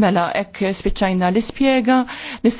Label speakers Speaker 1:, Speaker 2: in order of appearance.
Speaker 1: Mela, ek spiċajna l-ispiega, l